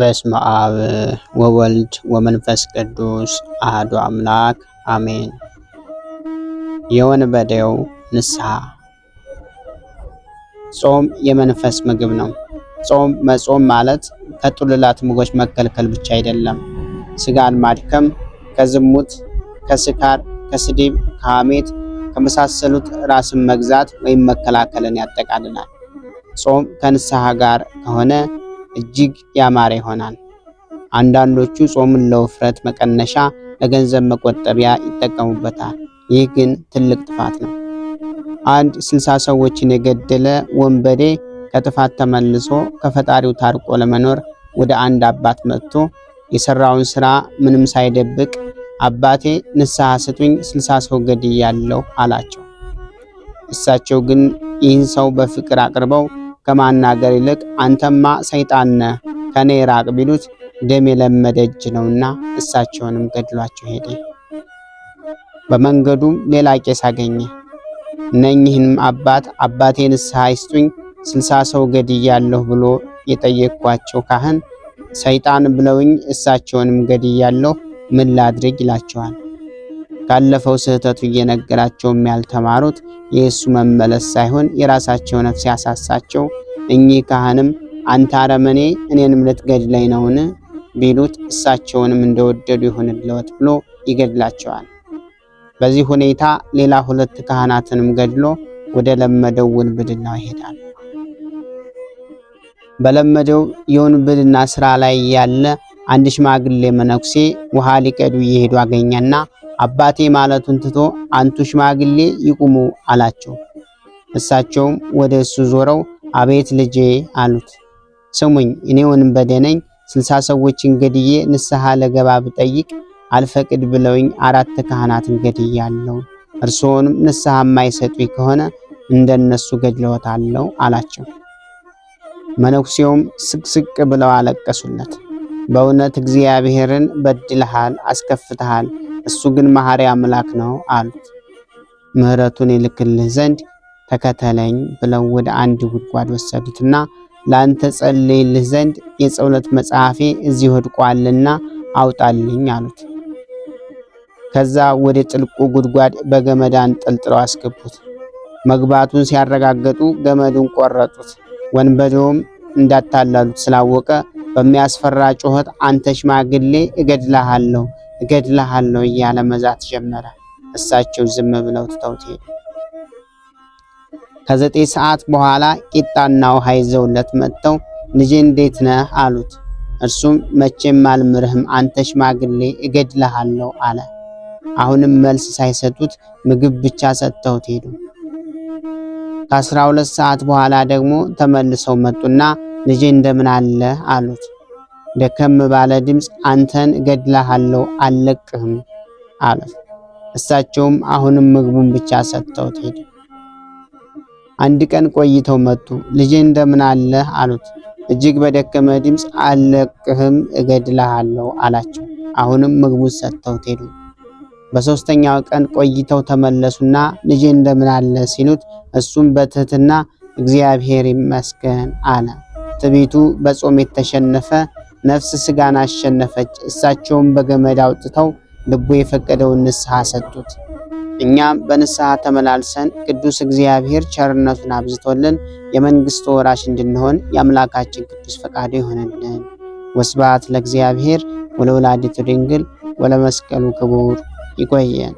በስመ አብ ወወልድ ወመንፈስ ቅዱስ አህዱ አምላክ አሜን። የወንበዴው ንስሐ ጾም የመንፈስ ምግብ ነው። ጾም መጾም ማለት ከጥሉላት ምግቦች መከልከል ብቻ አይደለም። ስጋን ማድከም ከዝሙት፣ ከስካር፣ ከስድብ፣ ከሐሜት ከመሳሰሉት ራስን መግዛት ወይም መከላከልን ያጠቃልላል። ጾም ከንስሐ ጋር ከሆነ እጅግ ያማረ ይሆናል። አንዳንዶቹ ጾምን ለውፍረት መቀነሻ፣ ለገንዘብ መቆጠቢያ ይጠቀሙበታል። ይህ ግን ትልቅ ጥፋት ነው። አንድ ስልሳ ሰዎችን የገደለ ወንበዴ ከጥፋት ተመልሶ ከፈጣሪው ታርቆ ለመኖር ወደ አንድ አባት መጥቶ የሰራውን ስራ ምንም ሳይደብቅ አባቴ ንስሐ ስጡኝ ስልሳ ሰው ገድያለሁ አላቸው። እሳቸው ግን ይህን ሰው በፍቅር አቅርበው ከማናገር ይልቅ አንተማ ሰይጣን ነ ከኔ ራቅ ቢሉት ደም የለመደ እጅ ነውና እሳቸውንም ገድሏቸው ሄደ። በመንገዱም ሌላ ቄስ አገኘ። እነኚህንም አባት አባቴ ንስሐ ይስጡኝ ስልሳ ሰው ገድያለሁ ብሎ የጠየቅኳቸው ካህን ሰይጣን ብለውኝ እሳቸውንም ገድያለሁ ምን ላድርግ ይላቸዋል። ካለፈው ስህተቱ እየነገራቸውም ያልተማሩት የእሱ መመለስ ሳይሆን የራሳቸው ነፍስ ያሳሳቸው። እኚህ ካህንም አንተ አረመኔ እኔንም ልትገድለኝ ነውን ቢሉት እሳቸውንም እንደወደዱ ይሁንልዎት ብሎ ይገድላቸዋል። በዚህ ሁኔታ ሌላ ሁለት ካህናትንም ገድሎ ወደ ለመደው ውንብድናው ይሄዳል። በለመደው የውንብድና ስራ ላይ ያለ አንድ ሽማግሌ መነኩሴ ውሃ ሊቀዱ እየሄዱ አገኘና አባቴ ማለቱን ትቶ አንቱ ሽማግሌ ይቁሙ አላቸው። እሳቸውም ወደ እሱ ዞረው አቤት ልጄ አሉት። ስሙኝ፣ እኔ ወንበዴ ነኝ። ስልሳ ሰዎችን ገድዬ ንስሐ ለገባ ብጠይቅ አልፈቅድ ብለውኝ አራት ካህናትን ገድያለሁ። እርስዎንም ንስሐ የማይሰጡኝ ከሆነ እንደነሱ ገድለዎታለሁ አላቸው። መነኩሴውም ስቅስቅ ብለው አለቀሱለት። በእውነት እግዚአብሔርን በድልሃል፣ አስከፍተሃል እሱ ግን መሐሪ አምላክ ነው አሉት። ምሕረቱን ይልክልህ ዘንድ ተከተለኝ ብለው ወደ አንድ ጉድጓድ ወሰዱትና ለአንተ ጸልይልህ ዘንድ የጸሎት መጽሐፌ እዚህ ወድቋልና አውጣልኝ አሉት። ከዛ ወደ ጥልቁ ጉድጓድ በገመድ አንጠልጥለው አስገቡት። መግባቱን ሲያረጋገጡ ገመዱን ቆረጡት። ወንበዴውም እንዳታላሉት ስላወቀ በሚያስፈራ ጩኸት አንተ ሽማግሌ እገድልሃለሁ እገድልሃለሁ እያለ መዛት ጀመረ። እሳቸው ዝም ብለው ትተውት ሄዱ። ከዘጠኝ ሰዓት በኋላ ቂጣና ውሃ ይዘውለት መጥተው ልጄ እንዴት ነህ አሉት። እርሱም መቼም አልምርህም አንተ ሽማግሌ እገድልሃለሁ አለ። አሁንም መልስ ሳይሰጡት ምግብ ብቻ ሰጥተውት ሄዱ። ከአስራ ሁለት ሰዓት በኋላ ደግሞ ተመልሰው መጡና ልጄ እንደምን አለ አሉት። ደከም ባለ ድምፅ አንተን እገድልሃለሁ አልለቅህም አለ። እሳቸውም አሁንም ምግቡን ብቻ ሰጥተውት ሄደ። አንድ ቀን ቆይተው መጡ። ልጄ እንደምን አለህ አሉት። እጅግ በደከመ ድምፅ አልለቅህም፣ እገድልሃለሁ አላቸው። አሁንም ምግቡን ሰጥተውት ሄዱ። በሦስተኛው ቀን ቆይተው ተመለሱና ልጄ እንደምን አለ ሲሉት እሱም በትህትና እግዚአብሔር ይመስገን አለ። ትዕቢቱ በጾም የተሸነፈ ነፍስ ስጋን አሸነፈች። እሳቸውም በገመድ አውጥተው ልቡ የፈቀደውን ንስሐ ሰጡት። እኛም በንስሐ ተመላልሰን ቅዱስ እግዚአብሔር ቸርነቱን አብዝቶልን የመንግሥቱ ወራሽ እንድንሆን የአምላካችን ቅዱስ ፈቃዱ ይሆነልን። ወስብሐት ለእግዚአብሔር ወለወላዲቱ ድንግል ወለመስቀሉ ክቡር። ይቆየን።